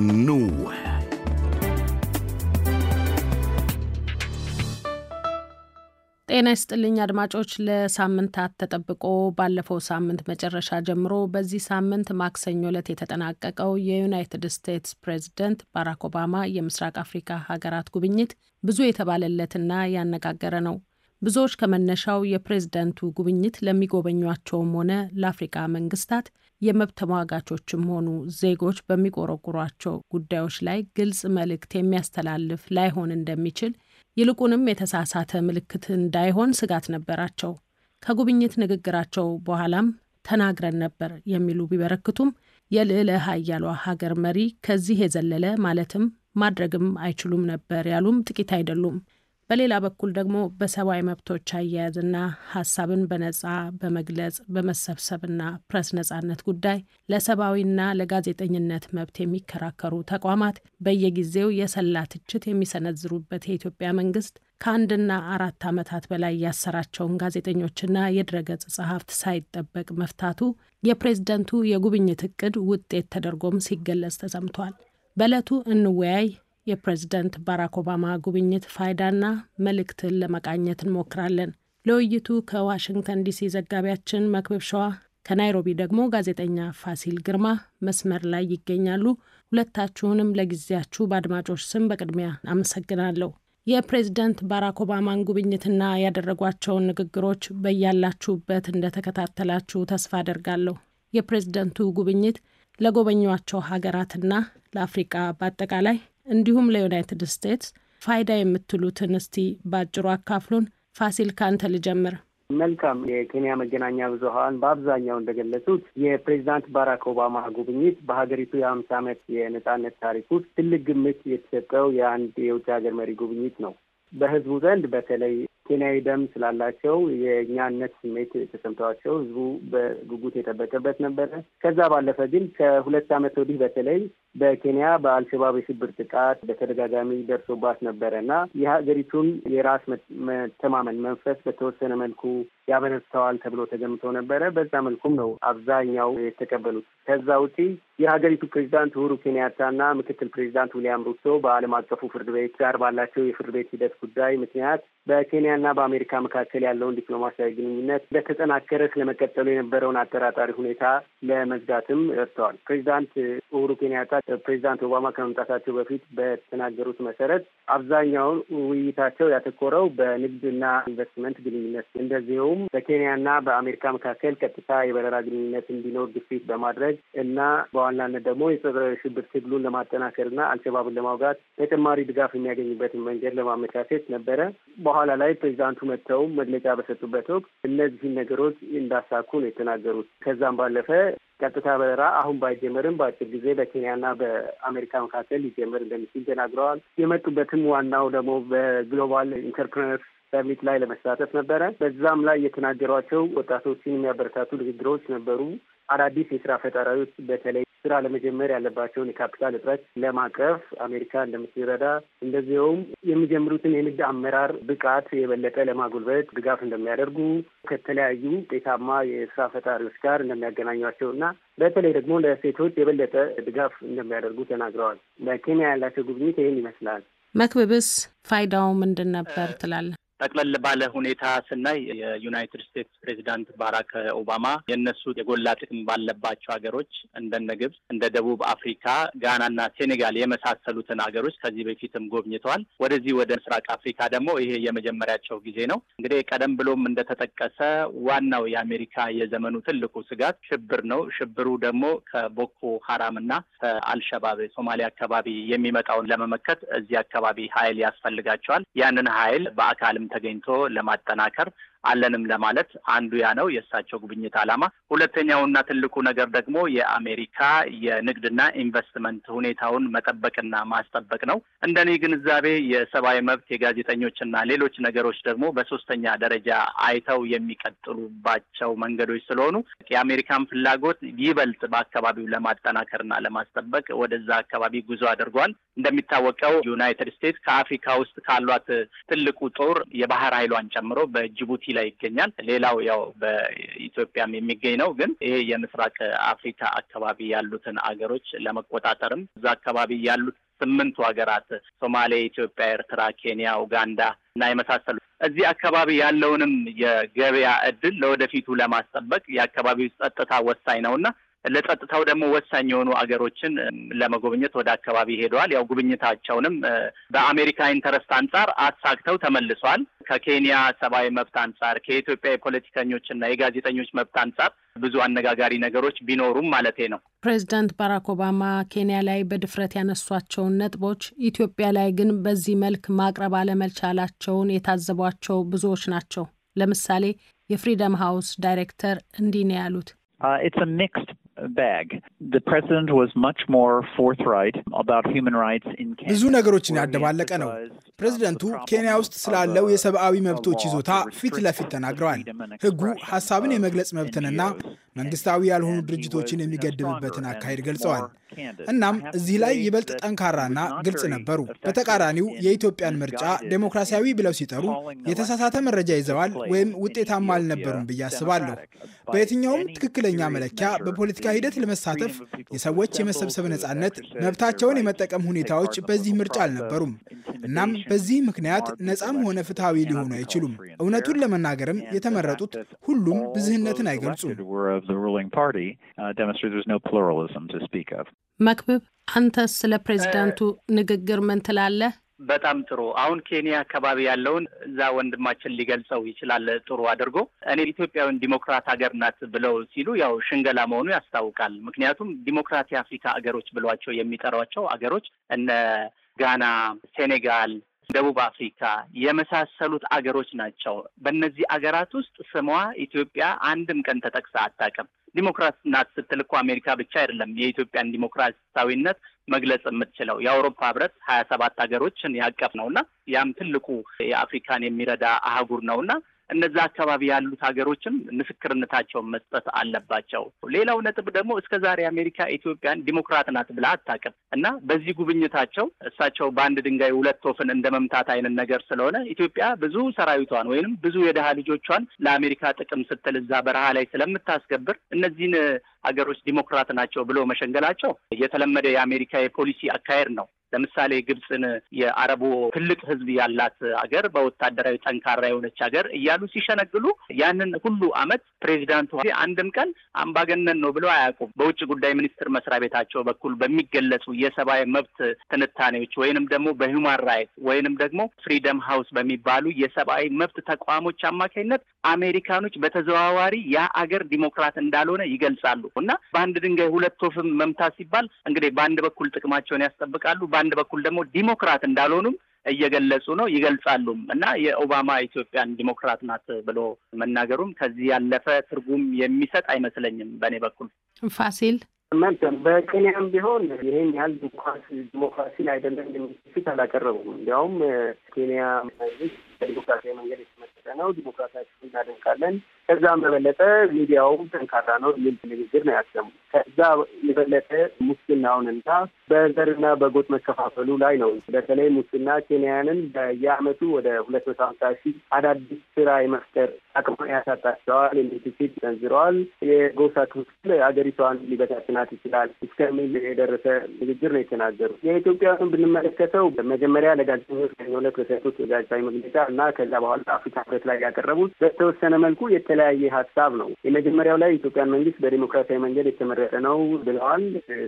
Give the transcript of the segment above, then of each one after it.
nå. ጤና ይስጥልኝ አድማጮች። ለሳምንታት ተጠብቆ ባለፈው ሳምንት መጨረሻ ጀምሮ በዚህ ሳምንት ማክሰኞ ዕለት የተጠናቀቀው የዩናይትድ ስቴትስ ፕሬዚደንት ባራክ ኦባማ የምስራቅ አፍሪካ ሀገራት ጉብኝት ብዙ የተባለለትና ያነጋገረ ነው። ብዙዎች ከመነሻው የፕሬዝደንቱ ጉብኝት ለሚጎበኟቸውም ሆነ ለአፍሪካ መንግስታት የመብት ተሟጋቾችም ሆኑ ዜጎች በሚቆረቁሯቸው ጉዳዮች ላይ ግልጽ መልእክት የሚያስተላልፍ ላይሆን እንደሚችል ይልቁንም የተሳሳተ ምልክት እንዳይሆን ስጋት ነበራቸው። ከጉብኝት ንግግራቸው በኋላም ተናግረን ነበር የሚሉ ቢበረክቱም የልዕለ ኃያሏ ሀገር መሪ ከዚህ የዘለለ ማለትም ማድረግም አይችሉም ነበር ያሉም ጥቂት አይደሉም። በሌላ በኩል ደግሞ በሰብአዊ መብቶች አያያዝና ሀሳብን በነጻ በመግለጽ በመሰብሰብና ፕረስ ነጻነት ጉዳይ ለሰብአዊና ለጋዜጠኝነት መብት የሚከራከሩ ተቋማት በየጊዜው የሰላ ትችት የሚሰነዝሩበት የኢትዮጵያ መንግስት ከአንድና አራት ዓመታት በላይ ያሰራቸውን ጋዜጠኞችና የድረገጽ ጸሐፍት ሳይጠበቅ መፍታቱ የፕሬዝደንቱ የጉብኝት እቅድ ውጤት ተደርጎም ሲገለጽ ተሰምቷል። በእለቱ እንወያይ የፕሬዝደንት ባራክ ኦባማ ጉብኝት ፋይዳና መልእክትን ለመቃኘት እንሞክራለን። ለውይይቱ ከዋሽንግተን ዲሲ ዘጋቢያችን መክብብ ሸዋ፣ ከናይሮቢ ደግሞ ጋዜጠኛ ፋሲል ግርማ መስመር ላይ ይገኛሉ። ሁለታችሁንም ለጊዜያችሁ በአድማጮች ስም በቅድሚያ አመሰግናለሁ። የፕሬዝደንት ባራክ ኦባማን ጉብኝትና ያደረጓቸውን ንግግሮች በያላችሁበት እንደተከታተላችሁ ተስፋ አደርጋለሁ። የፕሬዝደንቱ ጉብኝት ለጎበኟቸው ሀገራትና ለአፍሪቃ በአጠቃላይ እንዲሁም ለዩናይትድ ስቴትስ ፋይዳ የምትሉትን እስቲ ባጭሩ አካፍሉን። ፋሲል ካንተ ልጀምር። መልካም። የኬንያ መገናኛ ብዙኃን በአብዛኛው እንደገለጹት የፕሬዚዳንት ባራክ ኦባማ ጉብኝት በሀገሪቱ የሀምሳ ዓመት የነጻነት ታሪክ ውስጥ ትልቅ ግምት የተሰጠው የአንድ የውጭ ሀገር መሪ ጉብኝት ነው። በህዝቡ ዘንድ በተለይ ኬንያዊ ደም ስላላቸው የእኛነት ስሜት ተሰምተዋቸው ህዝቡ በጉጉት የጠበቀበት ነበረ። ከዛ ባለፈ ግን ከሁለት ዓመት ወዲህ በተለይ በኬንያ በአልሸባብ የሽብር ጥቃት በተደጋጋሚ ደርሶባት ነበረ እና የሀገሪቱን የራስ መተማመን መንፈስ በተወሰነ መልኩ ያበረታዋል ተብሎ ተገምቶ ነበረ። በዛ መልኩም ነው አብዛኛው የተቀበሉት። ከዛ ውጪ የሀገሪቱ ፕሬዚዳንት ኬንያታ ኬንያታና ምክትል ፕሬዚዳንት ዊሊያም ሩቶ በዓለም አቀፉ ፍርድ ቤት ጋር ባላቸው የፍርድ ቤት ሂደት ጉዳይ ምክንያት በኬንያና በአሜሪካ መካከል ያለውን ዲፕሎማሲያዊ ግንኙነት እንደተጠናከረ ስለመቀጠሉ የነበረውን አጠራጣሪ ሁኔታ ለመዝጋትም ረድተዋል። ፕሬዚዳንት ኡሁሩ ኬንያታ ፕሬዚዳንት ኦባማ ከመምጣታቸው በፊት በተናገሩት መሰረት አብዛኛውን ውይይታቸው ያተኮረው በንግድና ኢንቨስትመንት ግንኙነት፣ እንደዚሁም በኬንያና በአሜሪካ መካከል ቀጥታ የበረራ ግንኙነት እንዲኖር ግፊት በማድረግ እና በዋናነት ደግሞ የጸረ ሽብር ትግሉን ለማጠናከርና አልሸባብን ለማውጋት ተጨማሪ ድጋፍ የሚያገኝበትን መንገድ ለማመቻቸት ነበረ። በኋላ ላይ ፕሬዚዳንቱ መጥተው መግለጫ በሰጡበት ወቅት እነዚህን ነገሮች እንዳሳኩ ነው የተናገሩት። ከዛም ባለፈ ቀጥታ በረራ አሁን ባይጀመርም በአጭር ጊዜ በኬንያና በአሜሪካ መካከል ሊጀመር እንደሚችል ተናግረዋል። የመጡበትም ዋናው ደግሞ በግሎባል ኢንተርፕረነር ሰሚት ላይ ለመሳተፍ ነበረ። በዛም ላይ የተናገሯቸው ወጣቶችን የሚያበረታቱ ንግግሮች ነበሩ። አዳዲስ የስራ ፈጠራዎች በተለይ ስራ ለመጀመር ያለባቸውን የካፒታል እጥረት ለማቅረፍ አሜሪካ እንደምትረዳ እንደዚሁም የሚጀምሩትን የንግድ አመራር ብቃት የበለጠ ለማጉልበት ድጋፍ እንደሚያደርጉ ከተለያዩ ውጤታማ የስራ ፈጣሪዎች ጋር እንደሚያገናኟቸው እና በተለይ ደግሞ ለሴቶች የበለጠ ድጋፍ እንደሚያደርጉ ተናግረዋል። በኬንያ ያላቸው ጉብኝት ይህን ይመስላል። መክብብስ ፋይዳው ምንድን ነበር ትላለን? ጠቅለል ባለ ሁኔታ ስናይ የዩናይትድ ስቴትስ ፕሬዚዳንት ባራክ ኦባማ የእነሱ የጎላ ጥቅም ባለባቸው ሀገሮች እንደነ ግብጽ፣ እንደ ደቡብ አፍሪካ፣ ጋናና ሴኔጋል የመሳሰሉትን ሀገሮች ከዚህ በፊትም ጎብኝተዋል። ወደዚህ ወደ ምስራቅ አፍሪካ ደግሞ ይሄ የመጀመሪያቸው ጊዜ ነው። እንግዲህ ቀደም ብሎም እንደተጠቀሰ ዋናው የአሜሪካ የዘመኑ ትልቁ ስጋት ሽብር ነው። ሽብሩ ደግሞ ከቦኮ ሀራም እና ከአልሸባብ ሶማሊያ አካባቢ የሚመጣውን ለመመከት እዚህ አካባቢ ኃይል ያስፈልጋቸዋል። ያንን ኃይል በአካልም ተገኝቶ ለማጠናከር አለንም ለማለት አንዱ ያ ነው የእሳቸው ጉብኝት ዓላማ። ሁለተኛውና ትልቁ ነገር ደግሞ የአሜሪካ የንግድና ኢንቨስትመንት ሁኔታውን መጠበቅና ማስጠበቅ ነው። እንደኔ ግንዛቤ የሰብአዊ መብት የጋዜጠኞችና ሌሎች ነገሮች ደግሞ በሶስተኛ ደረጃ አይተው የሚቀጥሉባቸው መንገዶች ስለሆኑ የአሜሪካን ፍላጎት ይበልጥ በአካባቢው ለማጠናከርና ለማስጠበቅ ወደዛ አካባቢ ጉዞ አድርጓል። እንደሚታወቀው ዩናይትድ ስቴትስ ከአፍሪካ ውስጥ ካሏት ትልቁ ጦር የባህር ኃይሏን ጨምሮ በጅቡቲ ላይ ይገኛል። ሌላው ያው በኢትዮጵያም የሚገኝ ነው። ግን ይሄ የምስራቅ አፍሪካ አካባቢ ያሉትን አገሮች ለመቆጣጠርም እዛ አካባቢ ያሉት ስምንቱ ሀገራት ሶማሌ፣ ኢትዮጵያ፣ ኤርትራ፣ ኬንያ፣ ኡጋንዳ እና የመሳሰሉ እዚህ አካባቢ ያለውንም የገበያ እድል ለወደፊቱ ለማስጠበቅ የአካባቢው ጸጥታ ወሳኝ ነው እና ለጸጥታው ደግሞ ወሳኝ የሆኑ አገሮችን ለመጎብኘት ወደ አካባቢ ሄደዋል። ያው ጉብኝታቸውንም በአሜሪካ ኢንተረስት አንጻር አሳክተው ተመልሷል። ከኬንያ ሰብአዊ መብት አንጻር፣ ከኢትዮጵያ የፖለቲከኞችና የጋዜጠኞች መብት አንጻር ብዙ አነጋጋሪ ነገሮች ቢኖሩም ማለቴ ነው። ፕሬዚዳንት ባራክ ኦባማ ኬንያ ላይ በድፍረት ያነሷቸውን ነጥቦች ኢትዮጵያ ላይ ግን በዚህ መልክ ማቅረብ አለመቻላቸውን የታዘቧቸው ብዙዎች ናቸው። ለምሳሌ የፍሪደም ሃውስ ዳይሬክተር እንዲህ ነው ያሉት uh, bag. The president was much more forthright about human rights in Kenya. ብዙ ነገሮችን ያደባለቀ ነው። ፕሬዚደንቱ ኬንያ ውስጥ ስላለው የሰብአዊ መብቶች ይዞታ ፊት ለፊት ተናግረዋል። ሕጉ ሀሳብን የመግለጽ መብትንና መንግስታዊ ያልሆኑ ድርጅቶችን የሚገድብበትን አካሄድ ገልጸዋል። እናም እዚህ ላይ ይበልጥ ጠንካራና ግልጽ ነበሩ። በተቃራኒው የኢትዮጵያን ምርጫ ዴሞክራሲያዊ ብለው ሲጠሩ የተሳሳተ መረጃ ይዘዋል ወይም ውጤታማ አልነበሩም ብዬ አስባለሁ። በየትኛውም ትክክለኛ መለኪያ በፖለቲካ የፖለቲካ ሂደት ለመሳተፍ የሰዎች የመሰብሰብ ነጻነት፣ መብታቸውን የመጠቀም ሁኔታዎች በዚህ ምርጫ አልነበሩም። እናም በዚህ ምክንያት ነፃም ሆነ ፍትሐዊ ሊሆኑ አይችሉም። እውነቱን ለመናገርም የተመረጡት ሁሉም ብዝህነትን አይገልጹም። መክብብ፣ አንተ ስለ ፕሬዚዳንቱ ንግግር ምን ትላለህ? በጣም ጥሩ። አሁን ኬንያ አካባቢ ያለውን እዛ ወንድማችን ሊገልጸው ይችላል ጥሩ አድርጎ። እኔ ኢትዮጵያውን ዲሞክራት ሀገር ናት ብለው ሲሉ ያው ሽንገላ መሆኑ ያስታውቃል። ምክንያቱም ዲሞክራት የአፍሪካ ሀገሮች ብሏቸው የሚጠሯቸው አገሮች እነ ጋና፣ ሴኔጋል፣ ደቡብ አፍሪካ የመሳሰሉት አገሮች ናቸው። በእነዚህ አገራት ውስጥ ስሟ ኢትዮጵያ አንድም ቀን ተጠቅሳ አታውቅም። ዲሞክራሲ ናት ስትል እኮ አሜሪካ ብቻ አይደለም የኢትዮጵያን ዲሞክራሲያዊነት መግለጽ የምትችለው የአውሮፓ ህብረት ሀያ ሰባት ሀገሮችን ያቀፍ ነውና ያም ትልቁ የአፍሪካን የሚረዳ አህጉር ነውና እነዛ አካባቢ ያሉት ሀገሮችም ምስክርነታቸውን መስጠት አለባቸው። ሌላው ነጥብ ደግሞ እስከ ዛሬ አሜሪካ ኢትዮጵያን ዲሞክራት ናት ብላ አታውቅም እና በዚህ ጉብኝታቸው እሳቸው በአንድ ድንጋይ ሁለት ወፍን እንደ መምታት አይነት ነገር ስለሆነ ኢትዮጵያ ብዙ ሰራዊቷን ወይንም ብዙ የድሃ ልጆቿን ለአሜሪካ ጥቅም ስትል እዛ በረሃ ላይ ስለምታስገብር እነዚህን ሀገሮች ዲሞክራት ናቸው ብሎ መሸንገላቸው የተለመደ የአሜሪካ የፖሊሲ አካሄድ ነው። ለምሳሌ ግብፅን የአረቡ ትልቅ ህዝብ ያላት አገር በወታደራዊ ጠንካራ የሆነች ሀገር እያሉ ሲሸነግሉ ያንን ሁሉ አመት ፕሬዚዳንቱ አንድም ቀን አምባገነን ነው ብለው አያውቁም። በውጭ ጉዳይ ሚኒስትር መስሪያ ቤታቸው በኩል በሚገለጹ የሰብአዊ መብት ትንታኔዎች ወይንም ደግሞ በሂውማን ራይት ወይንም ደግሞ ፍሪደም ሀውስ በሚባሉ የሰብአዊ መብት ተቋሞች አማካኝነት አሜሪካኖች በተዘዋዋሪ ያ አገር ዲሞክራት እንዳልሆነ ይገልጻሉ እና በአንድ ድንጋይ ሁለት ወፍ መምታት ሲባል እንግዲህ በአንድ በኩል ጥቅማቸውን ያስጠብቃሉ በአንድ በኩል ደግሞ ዲሞክራት እንዳልሆኑም እየገለጹ ነው ይገልጻሉም እና የኦባማ ኢትዮጵያን ዲሞክራት ናት ብሎ መናገሩም ከዚህ ያለፈ ትርጉም የሚሰጥ አይመስለኝም በእኔ በኩል ፋሲል መልም በኬንያም ቢሆን ይህን ያህል ዲሞክራሲ ዲሞክራሲ አይደለም የሚል ፊት አላቀረቡም እንዲያውም ኬንያ መንግስት በዲሞክራሲያዊ መንገድ የተመሰረ ነው። ዲሞክራሲያችን እናደንቃለን። ከዛም በበለጠ ሚዲያውም ጠንካራ ነው የሚል ንግግር ነው ያሰሙ። ከዛ የበለጠ ሙስናውንና በዘርና በጎጥ መከፋፈሉ ላይ ነው። በተለይ ሙስና ኬንያንን በየአመቱ ወደ ሁለት መቶ ሀምሳ ሺህ አዳዲስ ስራ የመፍጠር አቅሟን ያሳጣቸዋል የሚል ፊት ሰንዝረዋል። የጎሳ ክፍል ሀገሪቷን ሊበታትናት ይችላል እስከሚል የደረሰ ንግግር ነው የተናገሩት። የኢትዮጵያን ብንመለከተው መጀመሪያ ለጋዜጠኞች ከሁለት በሰጡት ጋዜጣዊ መግለጫ እና ከዛ በኋላ አፍሪካ ህብረት ላይ ያቀረቡት በተወሰነ መልኩ የተለያየ ሀሳብ ነው። የመጀመሪያው ላይ ኢትዮጵያን መንግስት በዲሞክራሲያዊ መንገድ የተመረጠ ነው ብለዋል።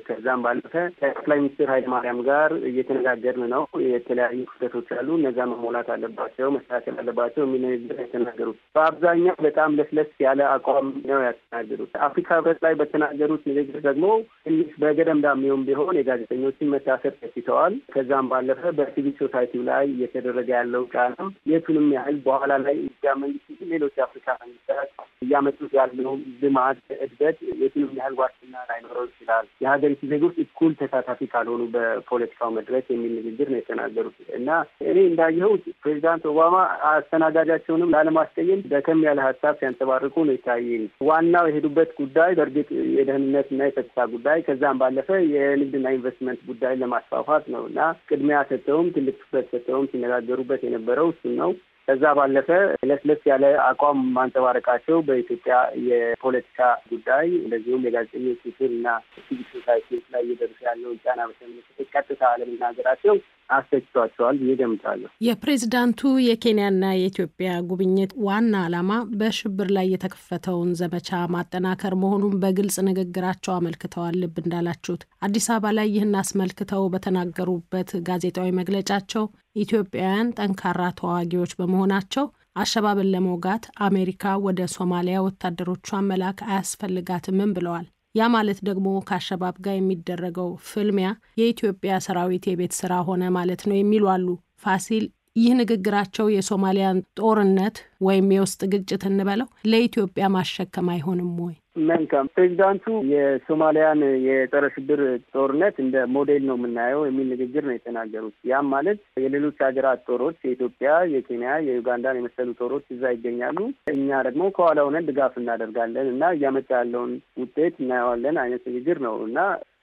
ከዛም ባለፈ ከጠቅላይ ሚኒስትር ኃይለማርያም ጋር እየተነጋገርን ነው። የተለያዩ ክፍተቶች አሉ፣ እነዛ መሞላት አለባቸው፣ መስተካከል አለባቸው የሚል ንግግር የተናገሩት በአብዛኛው በጣም ለስለስ ያለ አቋም ነው ያተናገሩት። አፍሪካ ህብረት ላይ በተናገሩት ንግግር ደግሞ ትንሽ በገደምዳሚውም ቢሆን የጋዜጠኞችን መታሰር ተችተዋል። ከዛም ባለፈ በሲቪል ሶሳይቲው ላይ እየተደረገ ያለው ጫናም የቱንም ያህል በኋላ ላይ ኢትዮጵያ መንግስት፣ ሌሎች የአፍሪካ መንግስታት እያመጡት ያለው ልማት እድገት የቱንም ያህል ዋስትና ላይኖረው ይችላል የሀገሪቱ ዜጎች እኩል ተሳታፊ ካልሆኑ በፖለቲካው መድረክ የሚል ንግግር ነው የተናገሩት እና እኔ እንዳየሁት ፕሬዚዳንት ኦባማ አስተናጋጃቸውንም ላለማስቀየም ደከም ያለ ሀሳብ ሲያንጸባርቁ ነው ይታየኝ። ዋናው የሄዱበት ጉዳይ በእርግጥ የደህንነትና የጸጥታ ጉዳይ ከዛም ባለፈ የንግድና ኢንቨስትመንት ጉዳይ ለማስፋፋት ነው እና ቅድሚያ ሰጥተውም ትልቅ ትኩረት ሰጥተውም ሲነጋገሩበት የነበረው እሱ ነው። ከዛ ባለፈ ለስለስ ያለ አቋም ማንጸባረቃቸው በኢትዮጵያ የፖለቲካ ጉዳይ እንደዚሁም የጋዜጠኞች ክፍል እና ሲቪል ሶሳይቲዎች ላይ እየደረሰ ያለውን ጫና በተመለከተ ቀጥታ አለመናገራቸው አሰችቷቸዋል ብዬ ገምታለሁ። የፕሬዚዳንቱ የኬንያና የኢትዮጵያ ጉብኝት ዋና ዓላማ በሽብር ላይ የተከፈተውን ዘመቻ ማጠናከር መሆኑን በግልጽ ንግግራቸው አመልክተዋል። ልብ እንዳላችሁት አዲስ አበባ ላይ ይህን አስመልክተው በተናገሩበት ጋዜጣዊ መግለጫቸው ኢትዮጵያውያን ጠንካራ ተዋጊዎች በመሆናቸው አሸባብን ለመውጋት አሜሪካ ወደ ሶማሊያ ወታደሮቿን መላክ አያስፈልጋትምም ብለዋል። ያ ማለት ደግሞ ከአሸባብ ጋር የሚደረገው ፍልሚያ የኢትዮጵያ ሰራዊት የቤት ስራ ሆነ ማለት ነው የሚሉ አሉ። ፋሲል ይህ ንግግራቸው የሶማሊያን ጦርነት ወይም የውስጥ ግጭት እንበለው ለኢትዮጵያ ማሸከም አይሆንም ወይ? መልካም ፕሬዚዳንቱ የሶማሊያን የጸረ ሽብር ጦርነት እንደ ሞዴል ነው የምናየው የሚል ንግግር ነው የተናገሩት። ያም ማለት የሌሎች ሀገራት ጦሮች የኢትዮጵያ፣ የኬንያ፣ የዩጋንዳን የመሰሉ ጦሮች እዛ ይገኛሉ፣ እኛ ደግሞ ከኋላ ሆነን ድጋፍ እናደርጋለን እና እያመጣ ያለውን ውጤት እናየዋለን አይነት ንግግር ነው እና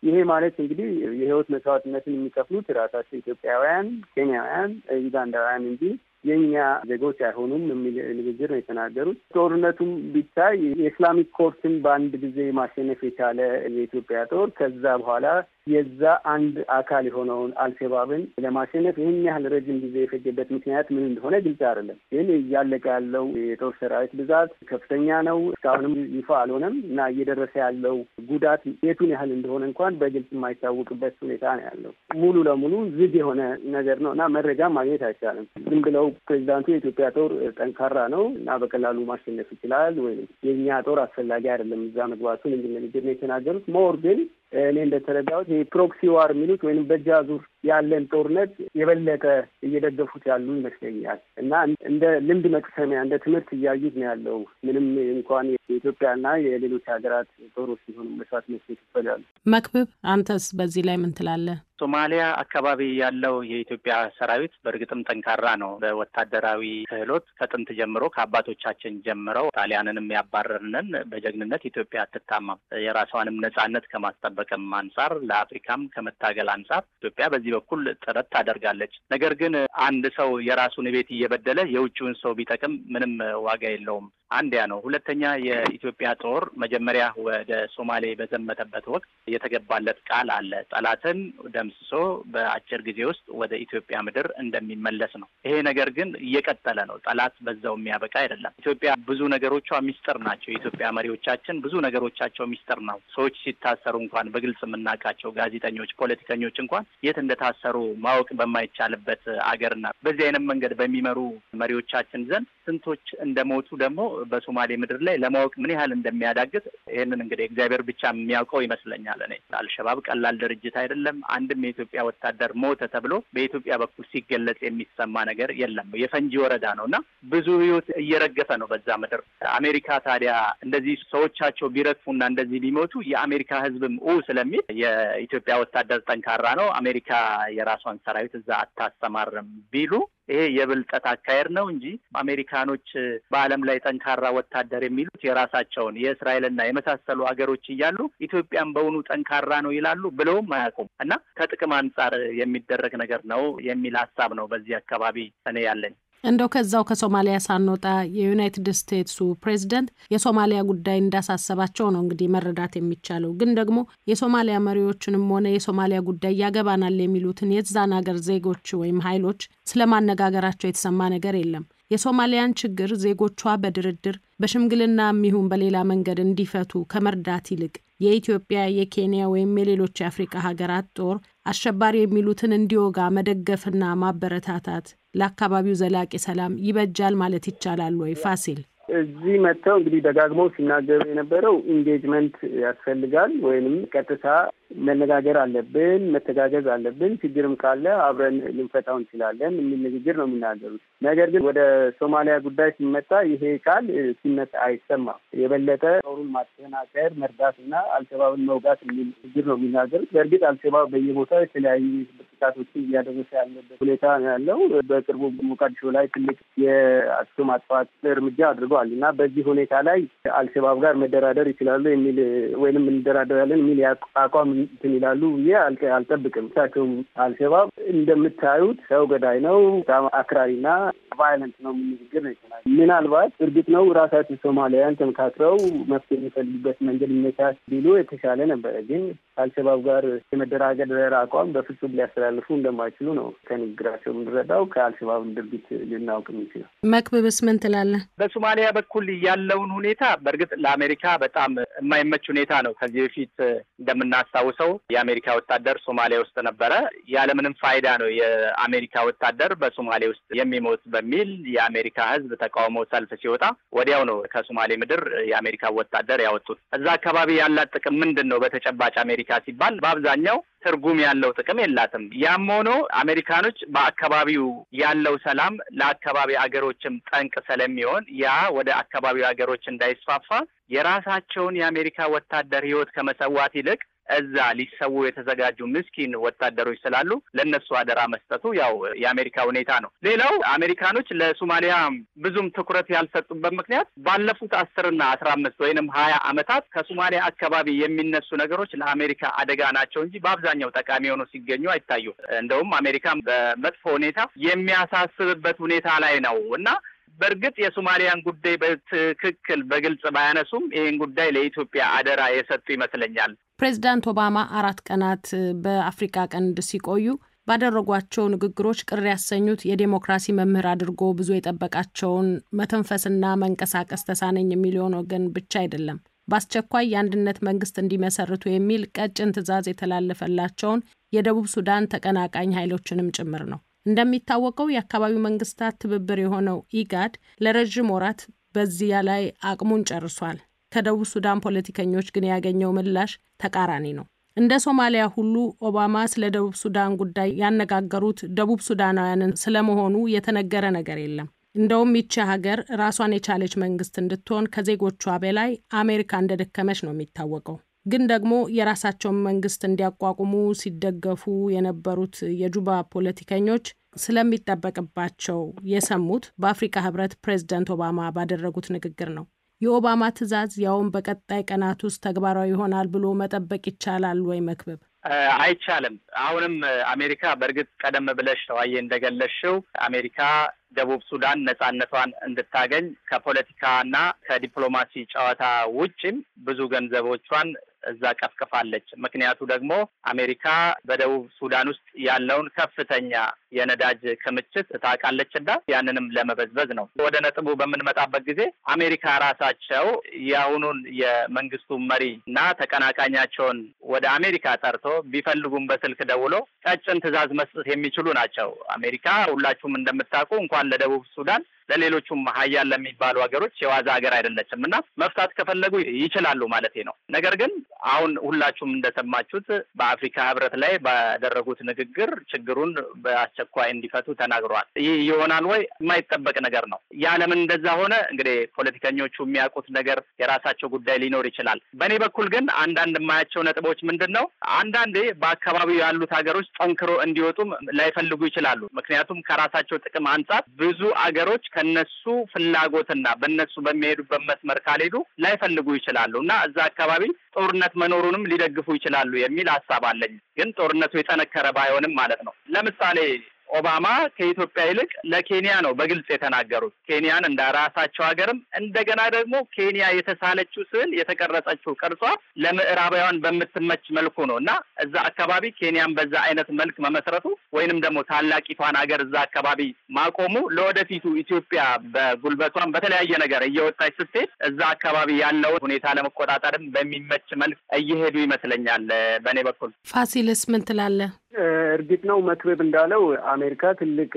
ይሄ ማለት እንግዲህ የህይወት መስዋዕትነትን የሚከፍሉት ራሳቸው ኢትዮጵያውያን፣ ኬንያውያን፣ ዩጋንዳውያን እንጂ የእኛ ዜጎች አይሆኑም የሚል ንግግር ነው የተናገሩት። ጦርነቱም ቢታይ የኢስላሚክ ኮርትን በአንድ ጊዜ ማሸነፍ የቻለ የኢትዮጵያ ጦር ከዛ በኋላ የዛ አንድ አካል የሆነውን አልሸባብን ለማሸነፍ ይህን ያህል ረጅም ጊዜ የፈጀበት ምክንያት ምን እንደሆነ ግልጽ አይደለም። ግን እያለቀ ያለው የጦር ሰራዊት ብዛት ከፍተኛ ነው። እስካሁንም ይፋ አልሆነም እና እየደረሰ ያለው ጉዳት የቱን ያህል እንደሆነ እንኳን በግልጽ የማይታወቅበት ሁኔታ ነው ያለው። ሙሉ ለሙሉ ዝግ የሆነ ነገር ነው እና መረጃ ማግኘት አይቻልም። ዝም ብለው ፕሬዚዳንቱ የኢትዮጵያ ጦር ጠንካራ ነው እና በቀላሉ ማሸነፍ ይችላል ወይም የእኛ ጦር አስፈላጊ አይደለም እዛ መግባቱን የሚል ነው የተናገሩት። ሞር ግን እኔ እንደተረዳሁት የፕሮክሲ ፕሮክሲ ዋር የሚሉት ወይም በእጅ አዙር ያለን ጦርነት የበለጠ እየደገፉት ያሉ ይመስለኛል እና እንደ ልምድ መቅሰሚያ እንደ ትምህርት እያዩት ነው ያለው። ምንም እንኳን የኢትዮጵያና የሌሎች ሀገራት ጦሮች ሲሆኑ መስዋዕት መስ ይበላሉ። መክብብ፣ አንተስ በዚህ ላይ ምን ትላለህ? ሶማሊያ አካባቢ ያለው የኢትዮጵያ ሰራዊት በእርግጥም ጠንካራ ነው። በወታደራዊ ክህሎት ከጥንት ጀምሮ ከአባቶቻችን ጀምረው ጣሊያንንም ያባረርንን በጀግንነት ኢትዮጵያ አትታማም። የራሷንም ነጻነት ከማስጠበቅም አንጻር ለአፍሪካም ከመታገል አንጻር ኢትዮጵያ በዚህ በኩል ጥረት ታደርጋለች። ነገር ግን አንድ ሰው የራሱን ቤት እየበደለ የውጭውን ሰው ቢጠቅም ምንም ዋጋ የለውም። አንዲያ ነው። ሁለተኛ የኢትዮጵያ ጦር መጀመሪያ ወደ ሶማሌ በዘመተበት ወቅት የተገባለት ቃል አለ። ጠላትን ደምስሶ በአጭር ጊዜ ውስጥ ወደ ኢትዮጵያ ምድር እንደሚመለስ ነው። ይሄ ነገር ግን እየቀጠለ ነው። ጠላት በዛው የሚያበቃ አይደለም። ኢትዮጵያ ብዙ ነገሮቿ ሚስጥር ናቸው። የኢትዮጵያ መሪዎቻችን ብዙ ነገሮቻቸው ሚስጥር ነው። ሰዎች ሲታሰሩ እንኳን በግልጽ የምናውቃቸው ጋዜጠኞች፣ ፖለቲከኞች እንኳን የት እንደታሰሩ ማወቅ በማይቻልበት አገርና በዚህ አይነት መንገድ በሚመሩ መሪዎቻችን ዘንድ ስንቶች እንደሞቱ ደግሞ በሶማሌ ምድር ላይ ለማወቅ ምን ያህል እንደሚያዳግት ይህንን እንግዲህ እግዚአብሔር ብቻ የሚያውቀው ይመስለኛል። እኔ አልሸባብ ቀላል ድርጅት አይደለም። አንድም የኢትዮጵያ ወታደር ሞተ ተብሎ በኢትዮጵያ በኩል ሲገለጽ የሚሰማ ነገር የለም። የፈንጂ ወረዳ ነው እና ብዙ ህይወት እየረገፈ ነው በዛ ምድር። አሜሪካ ታዲያ እንደዚህ ሰዎቻቸው ቢረግፉና እንደዚህ ቢሞቱ የአሜሪካ ህዝብም ኡ ስለሚል የኢትዮጵያ ወታደር ጠንካራ ነው፣ አሜሪካ የራሷን ሰራዊት እዛ አታሰማርም ቢሉ ይሄ የብልጠት አካሄድ ነው እንጂ አሜሪካኖች በዓለም ላይ ጠንካራ ወታደር የሚሉት የራሳቸውን የእስራኤልና የመሳሰሉ አገሮች እያሉ ኢትዮጵያን በውኑ ጠንካራ ነው ይላሉ ብለውም አያውቁም እና ከጥቅም አንጻር የሚደረግ ነገር ነው የሚል ሀሳብ ነው በዚህ አካባቢ እኔ ያለኝ። እንደው ከዛው ከሶማሊያ ሳንወጣ የዩናይትድ ስቴትሱ ፕሬዚደንት የሶማሊያ ጉዳይ እንዳሳሰባቸው ነው እንግዲህ መረዳት የሚቻለው። ግን ደግሞ የሶማሊያ መሪዎችንም ሆነ የሶማሊያ ጉዳይ ያገባናል የሚሉትን የዛን ሀገር ዜጎች ወይም ኃይሎች ስለማነጋገራቸው የተሰማ ነገር የለም። የሶማሊያን ችግር ዜጎቿ በድርድር በሽምግልና የሚሆን በሌላ መንገድ እንዲፈቱ ከመርዳት ይልቅ የኢትዮጵያ፣ የኬንያ ወይም የሌሎች የአፍሪቃ ሀገራት ጦር አሸባሪ የሚሉትን እንዲወጋ መደገፍና ማበረታታት ለአካባቢው ዘላቂ ሰላም ይበጃል ማለት ይቻላል ወይ? ፋሲል እዚህ መጥተው እንግዲህ ደጋግመው ሲናገሩ የነበረው ኢንጌጅመንት ያስፈልጋል ወይንም ቀጥታ መነጋገር አለብን፣ መተጋገዝ አለብን። ችግርም ካለ አብረን ልንፈታው እንችላለን የሚል ንግግር ነው የሚናገሩት። ነገር ግን ወደ ሶማሊያ ጉዳይ ሲመጣ ይሄ ቃል ሲመጣ አይሰማም። የበለጠ ጦሩን ማጠናከር፣ መርዳትና አልሸባብን መውጋት የሚል ንግግር ነው የሚናገሩት። በእርግጥ አልሸባብ በየቦታው የተለያዩ ጥቃቶችን እያደረሰ ያለበት ሁኔታ ነው ያለው። በቅርቡ ሞቃዲሾ ላይ ትልቅ የአጥፍቶ ማጥፋት እርምጃ አድርገዋል እና በዚህ ሁኔታ ላይ አልሸባብ ጋር መደራደር ይችላሉ የሚል ወይንም እንደራደራለን የሚል አቋም እንትን ይላሉ ብዬ አልጠብቅም። ሳቸውም አልሸባብ እንደምታዩት ሰው ገዳይ ነው፣ በጣም አክራሪና ቫይለንት ነው ንግግር ነው ይችላል። ምናልባት እርግጥ ነው ራሳቸው ሶማሊያን ተመካክረው መፍትሄ የሚፈልጉበት መንገድ ይመቻች ቢሉ የተሻለ ነበረ። ግን ከአልሸባብ ጋር የመደራገድ ረር አቋም በፍጹም ሊያስተላልፉ እንደማይችሉ ነው ከንግግራቸው የምንረዳው። ከአልሸባብ ድርጊት ልናውቅ የምንችለው መክብብስ ምን ትላለህ? በሶማሊያ በኩል ያለውን ሁኔታ በእርግጥ ለአሜሪካ በጣም የማይመች ሁኔታ ነው። ከዚህ በፊት እንደምናስታውስ የምናስታውሰው የአሜሪካ ወታደር ሶማሊያ ውስጥ ነበረ። ያለምንም ፋይዳ ነው የአሜሪካ ወታደር በሶማሌ ውስጥ የሚሞት በሚል የአሜሪካ ሕዝብ ተቃውሞ ሰልፍ ሲወጣ ወዲያው ነው ከሶማሌ ምድር የአሜሪካ ወታደር ያወጡት። እዛ አካባቢ ያላት ጥቅም ምንድን ነው? በተጨባጭ አሜሪካ ሲባል በአብዛኛው ትርጉም ያለው ጥቅም የላትም። ያም ሆኖ አሜሪካኖች በአካባቢው ያለው ሰላም ለአካባቢ አገሮችም ጠንቅ ስለሚሆን ያ ወደ አካባቢው አገሮች እንዳይስፋፋ የራሳቸውን የአሜሪካ ወታደር ህይወት ከመሰዋት ይልቅ እዛ ሊሰው የተዘጋጁ ምስኪን ወታደሮች ስላሉ ለእነሱ አደራ መስጠቱ ያው የአሜሪካ ሁኔታ ነው። ሌላው አሜሪካኖች ለሶማሊያ ብዙም ትኩረት ያልሰጡበት ምክንያት ባለፉት አስርና አስራ አምስት ወይንም ሀያ ዓመታት ከሶማሊያ አካባቢ የሚነሱ ነገሮች ለአሜሪካ አደጋ ናቸው እንጂ በአብዛኛው ጠቃሚ ሆኖ ሲገኙ አይታዩም። እንደውም አሜሪካ በመጥፎ ሁኔታ የሚያሳስብበት ሁኔታ ላይ ነው እና በእርግጥ የሶማሊያን ጉዳይ በትክክል በግልጽ ባያነሱም ይህን ጉዳይ ለኢትዮጵያ አደራ የሰጡ ይመስለኛል። ፕሬዚዳንት ኦባማ አራት ቀናት በአፍሪካ ቀንድ ሲቆዩ ባደረጓቸው ንግግሮች ቅር ያሰኙት የዴሞክራሲ መምህር አድርጎ ብዙ የጠበቃቸውን መተንፈስና መንቀሳቀስ ተሳነኝ የሚሊዮን ወገን ብቻ አይደለም በአስቸኳይ የአንድነት መንግስት እንዲመሰርቱ የሚል ቀጭን ትዕዛዝ የተላለፈላቸውን የደቡብ ሱዳን ተቀናቃኝ ኃይሎችንም ጭምር ነው። እንደሚታወቀው የአካባቢው መንግስታት ትብብር የሆነው ኢጋድ ለረዥም ወራት በዚያ ላይ አቅሙን ጨርሷል። ከደቡብ ሱዳን ፖለቲከኞች ግን ያገኘው ምላሽ ተቃራኒ ነው። እንደ ሶማሊያ ሁሉ ኦባማ ስለ ደቡብ ሱዳን ጉዳይ ያነጋገሩት ደቡብ ሱዳናውያንን ስለመሆኑ የተነገረ ነገር የለም። እንደውም ይቺ ሀገር ራሷን የቻለች መንግስት እንድትሆን ከዜጎቿ በላይ አሜሪካ እንደደከመች ነው የሚታወቀው። ግን ደግሞ የራሳቸውን መንግስት እንዲያቋቁሙ ሲደገፉ የነበሩት የጁባ ፖለቲከኞች ስለሚጠበቅባቸው የሰሙት በአፍሪካ ህብረት ፕሬዝደንት ኦባማ ባደረጉት ንግግር ነው። የኦባማ ትዕዛዝ ያውም በቀጣይ ቀናት ውስጥ ተግባራዊ ይሆናል ብሎ መጠበቅ ይቻላል ወይ? መክብብ አይቻልም። አሁንም አሜሪካ በእርግጥ ቀደም ብለሽ ተዋዬ እንደገለሽው አሜሪካ ደቡብ ሱዳን ነጻነቷን እንድታገኝ ከፖለቲካና ከዲፕሎማሲ ጨዋታ ውጭም ብዙ ገንዘቦቿን እዛ ቀፍቅፋለች። ምክንያቱ ደግሞ አሜሪካ በደቡብ ሱዳን ውስጥ ያለውን ከፍተኛ የነዳጅ ክምችት ታውቃለች እና ያንንም ለመበዝበዝ ነው። ወደ ነጥቡ በምንመጣበት ጊዜ አሜሪካ ራሳቸው የአሁኑን የመንግስቱ መሪ እና ተቀናቃኛቸውን ወደ አሜሪካ ጠርቶ ቢፈልጉም በስልክ ደውሎ ቀጭን ትዕዛዝ መስጠት የሚችሉ ናቸው። አሜሪካ ሁላችሁም እንደምታውቁ እንኳን ለደቡብ ሱዳን ለሌሎቹም ሀያል ለሚባሉ ሀገሮች የዋዛ ሀገር አይደለችም እና መፍታት ከፈለጉ ይችላሉ ማለት ነው። ነገር ግን አሁን ሁላችሁም እንደሰማችሁት በአፍሪካ ህብረት ላይ ባደረጉት ንግግር ችግሩን በአስቸ በአስቸኳይ እንዲፈቱ ተናግሯል። ይህ ይሆናል ወይ? የማይጠበቅ ነገር ነው። ያለምን እንደዛ ሆነ እንግዲህ ፖለቲከኞቹ የሚያውቁት ነገር የራሳቸው ጉዳይ ሊኖር ይችላል። በእኔ በኩል ግን አንዳንድ የማያቸው ነጥቦች ምንድን ነው? አንዳንዴ በአካባቢው ያሉት ሀገሮች ጠንክሮ እንዲወጡም ላይፈልጉ ይችላሉ። ምክንያቱም ከራሳቸው ጥቅም አንጻር ብዙ አገሮች ከነሱ ፍላጎትና በነሱ በሚሄዱበት መስመር ካልሄዱ ላይፈልጉ ይችላሉ እና እዛ አካባቢ ጦርነት መኖሩንም ሊደግፉ ይችላሉ የሚል ሀሳብ አለኝ። ግን ጦርነቱ የጠነከረ ባይሆንም ማለት ነው። ለምሳሌ ኦባማ ከኢትዮጵያ ይልቅ ለኬንያ ነው በግልጽ የተናገሩት። ኬንያን እንደ ራሳቸው ሀገርም እንደገና ደግሞ ኬንያ የተሳለችው ስዕል የተቀረጸችው ቅርጿ ለምዕራባውያን በምትመች መልኩ ነው እና እዛ አካባቢ ኬንያን በዛ አይነት መልክ መመስረቱ ወይንም ደግሞ ታላቂቷን ሀገር እዛ አካባቢ ማቆሙ ለወደፊቱ ኢትዮጵያ በጉልበቷን በተለያየ ነገር እየወጣች ስትሄድ እዛ አካባቢ ያለውን ሁኔታ ለመቆጣጠርም በሚመች መልክ እየሄዱ ይመስለኛል። በእኔ በኩል ፋሲልስ ምን ትላለህ? እርግጥ ነው መክብብ እንዳለው አሜሪካ ትልቅ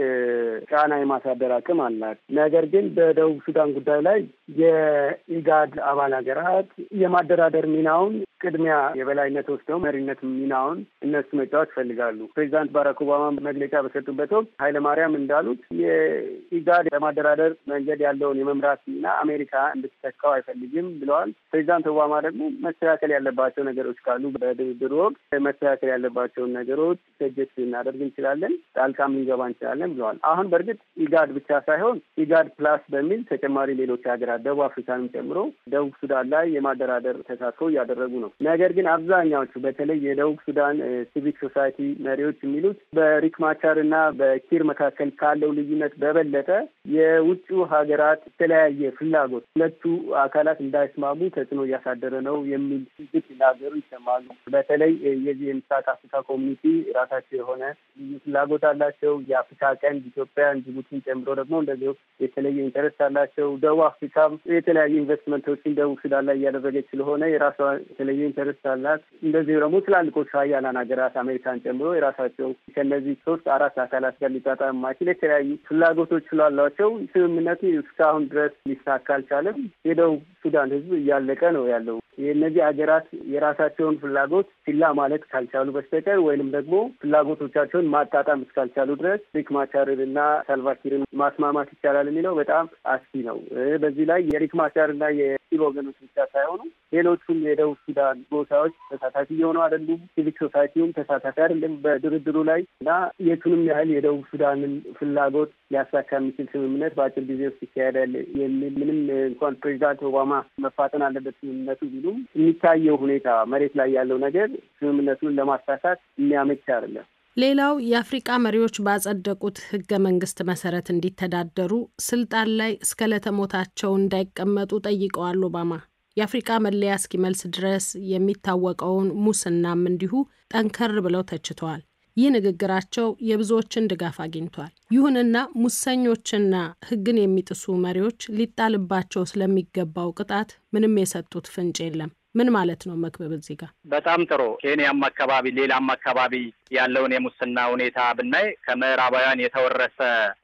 ጫና የማሳደር አቅም አላት። ነገር ግን በደቡብ ሱዳን ጉዳይ ላይ የኢጋድ አባል ሀገራት የማደራደር ሚናውን ቅድሚያ የበላይነት ወስደው መሪነት ሚናውን እነሱ መጫወት ይፈልጋሉ። ፕሬዚዳንት ባራክ ኦባማ መግለጫ በሰጡበት ወቅት ኃይለማርያም እንዳሉት የኢጋድ ለማደራደር መንገድ ያለውን የመምራት ሚና አሜሪካ እንድትተካው አይፈልግም ብለዋል። ፕሬዚዳንት ኦባማ ደግሞ መስተካከል ያለባቸው ነገሮች ካሉ በድርድሩ ወቅት መስተካከል ያለባቸውን ነገሮች ሰጀት ልናደርግ እንችላለን፣ ጣልቃም ልንገባ እንችላለን ብለዋል። አሁን በእርግጥ ኢጋድ ብቻ ሳይሆን ኢጋድ ፕላስ በሚል ተጨማሪ ሌሎች ሀገራት ደቡብ አፍሪካንም ጨምሮ ደቡብ ሱዳን ላይ የማደራደር ተሳትፎ እያደረጉ ነው። ነገር ግን አብዛኛዎቹ በተለይ የደቡብ ሱዳን ሲቪክ ሶሳይቲ መሪዎች የሚሉት በሪክ ማቻር እና በኪር መካከል ካለው ልዩነት በበለጠ የውጭ ሀገራት የተለያየ ፍላጎት ሁለቱ አካላት እንዳይስማሙ ተጽዕኖ እያሳደረ ነው የሚል ግ ላገሩ ይሰማሉ። በተለይ የዚህ የምስራቅ አፍሪካ ኮሚኒቲ የራሳቸው የሆነ ልዩ ፍላጎት አላቸው። የአፍሪካ ቀንድ ኢትዮጵያን፣ ጅቡቲን ጨምሮ ደግሞ እንደዚሁ የተለየ ኢንተረስት አላቸው። ደቡብ አፍሪካም የተለያዩ ኢንቨስትመንቶችን ደቡብ ሱዳን ላይ እያደረገች ስለሆነ የራሷ የተለየ ኢንተረስት አላት። እንደዚሁ ደግሞ ትላልቆቹ ሀያላን ሀገራት አሜሪካን ጨምሮ የራሳቸው ከእነዚህ ሶስት አራት አካላት ጋር ሊጣጣ የማይችል የተለያዩ ፍላጎቶች ስላሏቸው ስምምነቱ እስካሁን ድረስ ሊሳካ አልቻለም። የደቡብ ሱዳን ህዝብ እያለቀ ነው ያለው። የእነዚህ ሀገራት የራሳቸውን ፍላጎት ችላ ማለት ካልቻሉ በስተቀር ወይንም ደግሞ ፍላጎቶቻቸውን ማጣጣም እስካልቻሉ ድረስ ሪክ ማቻርን እና ሳልቫኪርን ማስማማት ይቻላል የሚለው በጣም አስፊ ነው። በዚህ ላይ የሪክ ማቻር እና የሲል ወገኖች ብቻ ሳይሆኑ ሌሎቹም የደቡብ ሱዳን ጎሳዎች ተሳታፊ እየሆኑ አይደሉም። ሲቪክ ሶሳይቲውም ተሳታፊ አይደለም በድርድሩ ላይ እና የቱንም ያህል የደቡብ ሱዳንን ፍላጎት ሊያሳካ የሚችል ስምምነት በአጭር ጊዜ ውስጥ ይካሄዳል የሚል ምንም እንኳን ፕሬዚዳንት ኦባማ መፋጠን አለበት ስምምነቱ ቢሉም የሚታየው ሁኔታ መሬት ላይ ያለው ነገር ስምምነቱን ለማሳካት የሚያመች አይደለም። ሌላው የአፍሪቃ መሪዎች ባጸደቁት ህገ መንግስት መሰረት እንዲተዳደሩ ስልጣን ላይ እስከ ለተሞታቸው እንዳይቀመጡ ጠይቀዋል። ኦባማ የአፍሪቃ መለያ እስኪመልስ ድረስ የሚታወቀውን ሙስናም እንዲሁ ጠንከር ብለው ተችተዋል። ይህ ንግግራቸው የብዙዎችን ድጋፍ አግኝቷል። ይሁንና ሙሰኞችና ሕግን የሚጥሱ መሪዎች ሊጣልባቸው ስለሚገባው ቅጣት ምንም የሰጡት ፍንጭ የለም። ምን ማለት ነው መክብብ? እዚህ ጋር በጣም ጥሩ። ኬንያም አካባቢ ሌላም አካባቢ ያለውን የሙስና ሁኔታ ብናይ ከምዕራባውያን የተወረሰ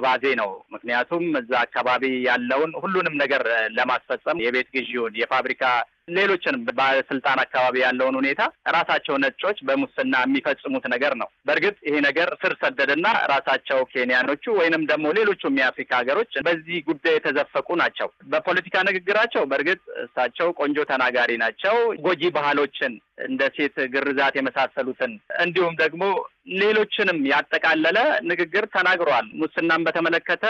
ባዜ ነው። ምክንያቱም እዛ አካባቢ ያለውን ሁሉንም ነገር ለማስፈጸም የቤት ግዢውን፣ የፋብሪካ ሌሎችን ባለስልጣን አካባቢ ያለውን ሁኔታ ራሳቸው ነጮች በሙስና የሚፈጽሙት ነገር ነው። በእርግጥ ይሄ ነገር ስር ሰደድና ራሳቸው ኬንያኖቹ ወይንም ደግሞ ሌሎቹም የአፍሪካ ሀገሮች በዚህ ጉዳይ የተዘፈቁ ናቸው። በፖለቲካ ንግግራቸው በእርግጥ እሳቸው ቆንጆ ተናጋሪ ናቸው። ጎጂ ባህሎችን እንደ ሴት ግርዛት የመሳሰሉትን እንዲሁም ደግሞ ሌሎችንም ያጠቃለለ ንግግር ተናግሯል። ሙስናን በተመለከተ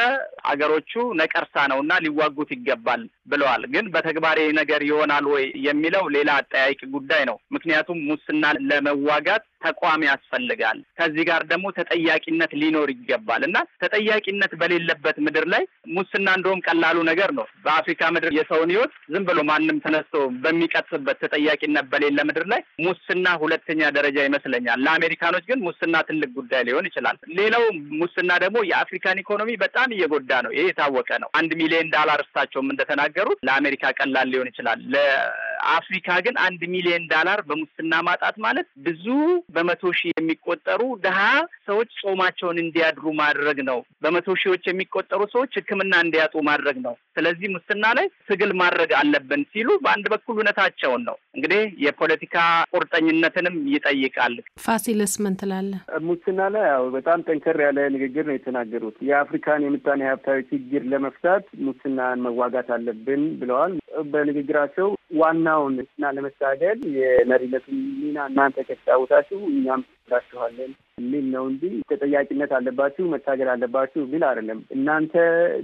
አገሮቹ ነቀርሳ ነውና ሊዋጉት ይገባል ብለዋል። ግን በተግባር ነገር ይሆናል ወይ የሚለው ሌላ አጠያቂ ጉዳይ ነው። ምክንያቱም ሙስና ለመዋጋት ተቋም ያስፈልጋል። ከዚህ ጋር ደግሞ ተጠያቂነት ሊኖር ይገባል እና ተጠያቂነት በሌለበት ምድር ላይ ሙስና እንደውም ቀላሉ ነገር ነው። በአፍሪካ ምድር የሰውን ሕይወት ዝም ብሎ ማንም ተነስቶ በሚቀጥስበት ተጠያቂነት በሌለ ምድር ላይ ሙስና ሁለተኛ ደረጃ ይመስለኛል። ለአሜሪካኖች ግን ሙስና ትልቅ ጉዳይ ሊሆን ይችላል። ሌላው ሙስና ደግሞ የአፍሪካን ኢኮኖሚ በጣም እየጎዳ ነው። ይሄ የታወቀ ነው። አንድ ሚሊዮን ዳላር እሳቸውም እንደተናገሩት ለአሜሪካ ቀላል ሊሆን ይችላል አፍሪካ ግን አንድ ሚሊዮን ዳላር በሙስና ማጣት ማለት ብዙ በመቶ ሺህ የሚቆጠሩ ድሀ ሰዎች ጾማቸውን እንዲያድሩ ማድረግ ነው። በመቶ ሺዎች የሚቆጠሩ ሰዎች ሕክምና እንዲያጡ ማድረግ ነው። ስለዚህ ሙስና ላይ ትግል ማድረግ አለብን ሲሉ በአንድ በኩል እውነታቸውን ነው። እንግዲህ የፖለቲካ ቁርጠኝነትንም ይጠይቃል። ፋሲልስ ምን ትላለህ? ሙስና ላይ ያው በጣም ጠንከር ያለ ንግግር ነው የተናገሩት። የአፍሪካን የምጣኔ ሀብታዊ ችግር ለመፍታት ሙስናን መዋጋት አለብን ብለዋል። በንግግራቸው ዋና ሚናውን እና ለመታገል የመሪነቱን ሚና እናንተ ከተጫወታችሁ እኛም ራችኋለን የሚል ነው እንጂ ተጠያቂነት አለባችሁ መታገል አለባችሁ የሚል አይደለም። እናንተ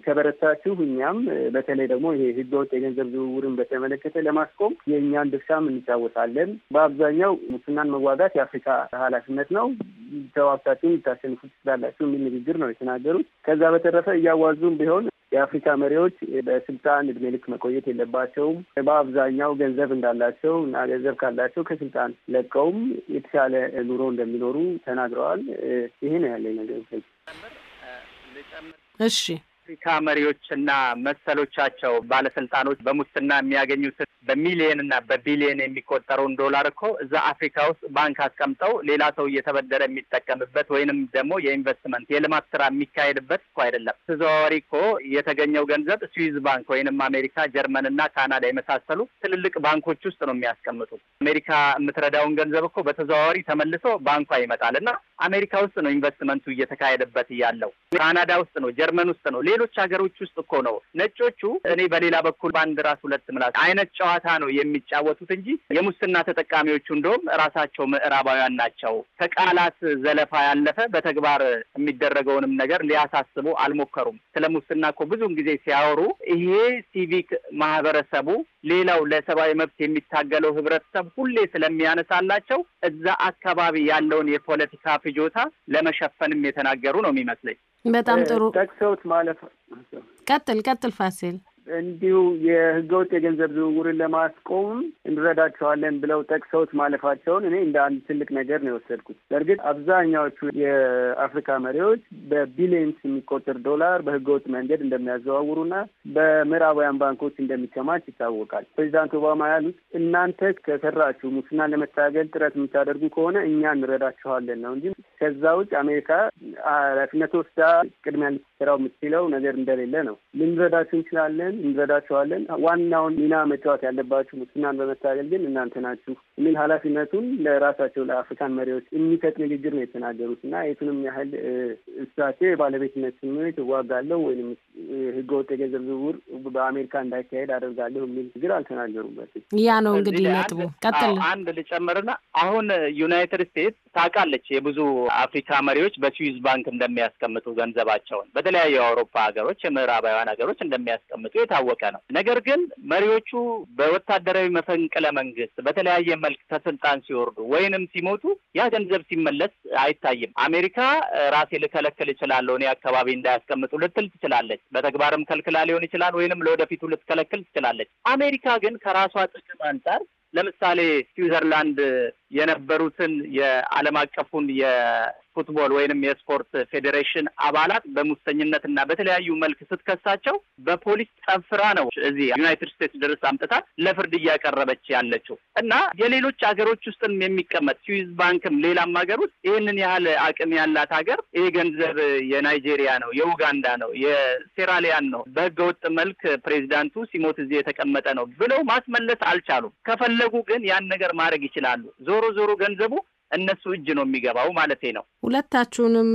ከበረታችሁ እኛም በተለይ ደግሞ ይሄ ህገወጥ የገንዘብ ዝውውርን በተመለከተ ለማስቆም የእኛን ድርሻም እንጫወታለን። በአብዛኛው ሙስናን መዋጋት የአፍሪካ ኃላፊነት ነው ተዋግታችሁን ልታሸንፉ ትችላላችሁ የሚል ንግግር ነው የተናገሩት። ከዛ በተረፈ እያዋዙም ቢሆን የአፍሪካ መሪዎች በስልጣን እድሜ ልክ መቆየት የለባቸውም። በአብዛኛው ገንዘብ እንዳላቸው እና ገንዘብ ካላቸው ከስልጣን ለቀውም የተሻለ ኑሮ እንደሚኖሩ ተናግረዋል። ይሄ ነው ያለኝ ነገር። እሺ የአፍሪካ መሪዎችና መሰሎቻቸው ባለስልጣኖች በሙስና የሚያገኙትን በሚሊየን እና በቢሊየን የሚቆጠረውን ዶላር እኮ እዛ አፍሪካ ውስጥ ባንክ አስቀምጠው ሌላ ሰው እየተበደረ የሚጠቀምበት ወይንም ደግሞ የኢንቨስትመንት የልማት ስራ የሚካሄድበት እኮ አይደለም። ተዘዋዋሪ እኮ የተገኘው ገንዘብ ስዊዝ ባንክ ወይንም አሜሪካ፣ ጀርመን እና ካናዳ የመሳሰሉ ትልልቅ ባንኮች ውስጥ ነው የሚያስቀምጡ። አሜሪካ የምትረዳውን ገንዘብ እኮ በተዘዋዋሪ ተመልሶ ባንኳ ይመጣል እና አሜሪካ ውስጥ ነው ኢንቨስትመንቱ እየተካሄደበት ያለው፣ ካናዳ ውስጥ ነው፣ ጀርመን ውስጥ ነው ሌሎች ሀገሮች ውስጥ እኮ ነው ነጮቹ፣ እኔ በሌላ በኩል በአንድ ራስ ሁለት ምላስ አይነት ጨዋታ ነው የሚጫወቱት እንጂ የሙስና ተጠቃሚዎቹ እንደውም ራሳቸው ምዕራባውያን ናቸው። ከቃላት ዘለፋ ያለፈ በተግባር የሚደረገውንም ነገር ሊያሳስቡ አልሞከሩም። ስለ ሙስና እኮ ብዙውን ጊዜ ሲያወሩ ይሄ ሲቪክ ማህበረሰቡ ሌላው ለሰብአዊ መብት የሚታገለው ህብረተሰብ ሁሌ ስለሚያነሳላቸው እዛ አካባቢ ያለውን የፖለቲካ ፍጆታ ለመሸፈንም የተናገሩ ነው የሚመስለኝ። በጣም ጥሩ ጠቅሰውት ማለፍ። ቀጥል ቀጥል ፋሲል እንዲሁ የህገወጥ የገንዘብ ዝውውርን ለማስቆም እንረዳቸዋለን ብለው ጠቅሰውት ማለፋቸውን እኔ እንደ አንድ ትልቅ ነገር ነው የወሰድኩት። በእርግጥ አብዛኛዎቹ የአፍሪካ መሪዎች በቢሊየንስ የሚቆጠር ዶላር በህገወጥ መንገድ እንደሚያዘዋውሩና በምዕራባውያን ባንኮች እንደሚከማች ይታወቃል። ፕሬዚዳንት ኦባማ ያሉት እናንተ ከሰራችሁ ሙስናን ለመታገል ጥረት የምታደርጉ ከሆነ እኛ እንረዳችኋለን ነው እንጂ ከዛ ውጭ አሜሪካ ኃላፊነት ወስዳ ቅድሚያ ልትሰራው የምትችለው ነገር እንደሌለ ነው። ልንረዳችሁ እንችላለን እንረዳቸዋለን። ዋናውን ሚና መጫወት ያለባችሁ ሙስናን በመታገል ግን እናንተ ናችሁ የሚል ኃላፊነቱን ለራሳቸው ለአፍሪካን መሪዎች የሚሰጥ ንግግር ነው የተናገሩት እና የቱንም ያህል እሳቸው የባለቤትነት ስሜት እዋጋለሁ ወይም ህገወጥ የገንዘብ ዝውውር በአሜሪካ እንዳይካሄድ አደርጋለሁ የሚል ችግር አልተናገሩበትም። ያ ነው እንግዲህ ነጥቡ። ቀጥል። አንድ ልጨምርና አሁን ዩናይትድ ስቴትስ ታውቃለች የብዙ አፍሪካ መሪዎች በስዊዝ ባንክ እንደሚያስቀምጡ ገንዘባቸውን በተለያዩ የአውሮፓ ሀገሮች የምዕራባውያን ሀገሮች እንደሚያስቀምጡ የታወቀ ነው። ነገር ግን መሪዎቹ በወታደራዊ መፈንቅለ መንግስት በተለያየ መልክ ከስልጣን ሲወርዱ ወይንም ሲሞቱ ያ ገንዘብ ሲመለስ አይታይም። አሜሪካ ራሴ ልከለክል እችላለሁ እኔ አካባቢ እንዳያስቀምጡ ልትል ትችላለች። በተግባርም ከልክላ ሊሆን ይችላል፣ ወይንም ለወደፊቱ ልትከለክል ትችላለች። አሜሪካ ግን ከራሷ ጥቅም አንጻር ለምሳሌ ስዊዘርላንድ የነበሩትን የዓለም አቀፉን ፉትቦል ወይንም የስፖርት ፌዴሬሽን አባላት በሙሰኝነትና በተለያዩ መልክ ስትከሳቸው በፖሊስ ጠፍራ ነው እዚህ ዩናይትድ ስቴትስ ድረስ አምጥታ ለፍርድ እያቀረበች ያለችው እና የሌሎች ሀገሮች ውስጥም የሚቀመጥ ስዊዝ ባንክም ሌላም ሀገር ውስጥ ይህንን ያህል አቅም ያላት ሀገር ይሄ ገንዘብ የናይጄሪያ ነው፣ የኡጋንዳ ነው፣ የሴራሊያን ነው፣ በህገወጥ መልክ ፕሬዚዳንቱ ሲሞት እዚህ የተቀመጠ ነው ብለው ማስመለስ አልቻሉም። ከፈለጉ ግን ያን ነገር ማድረግ ይችላሉ። ዞሮ ዞሮ ገንዘቡ እነሱ እጅ ነው የሚገባው ማለት ነው። ሁለታችሁንም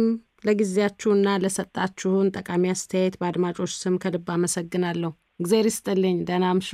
ለጊዜያችሁና ለሰጣችሁን ጠቃሚ አስተያየት በአድማጮች ስም ከልብ አመሰግናለሁ። እግዜር ይስጥልኝ። ደህና አምሹ።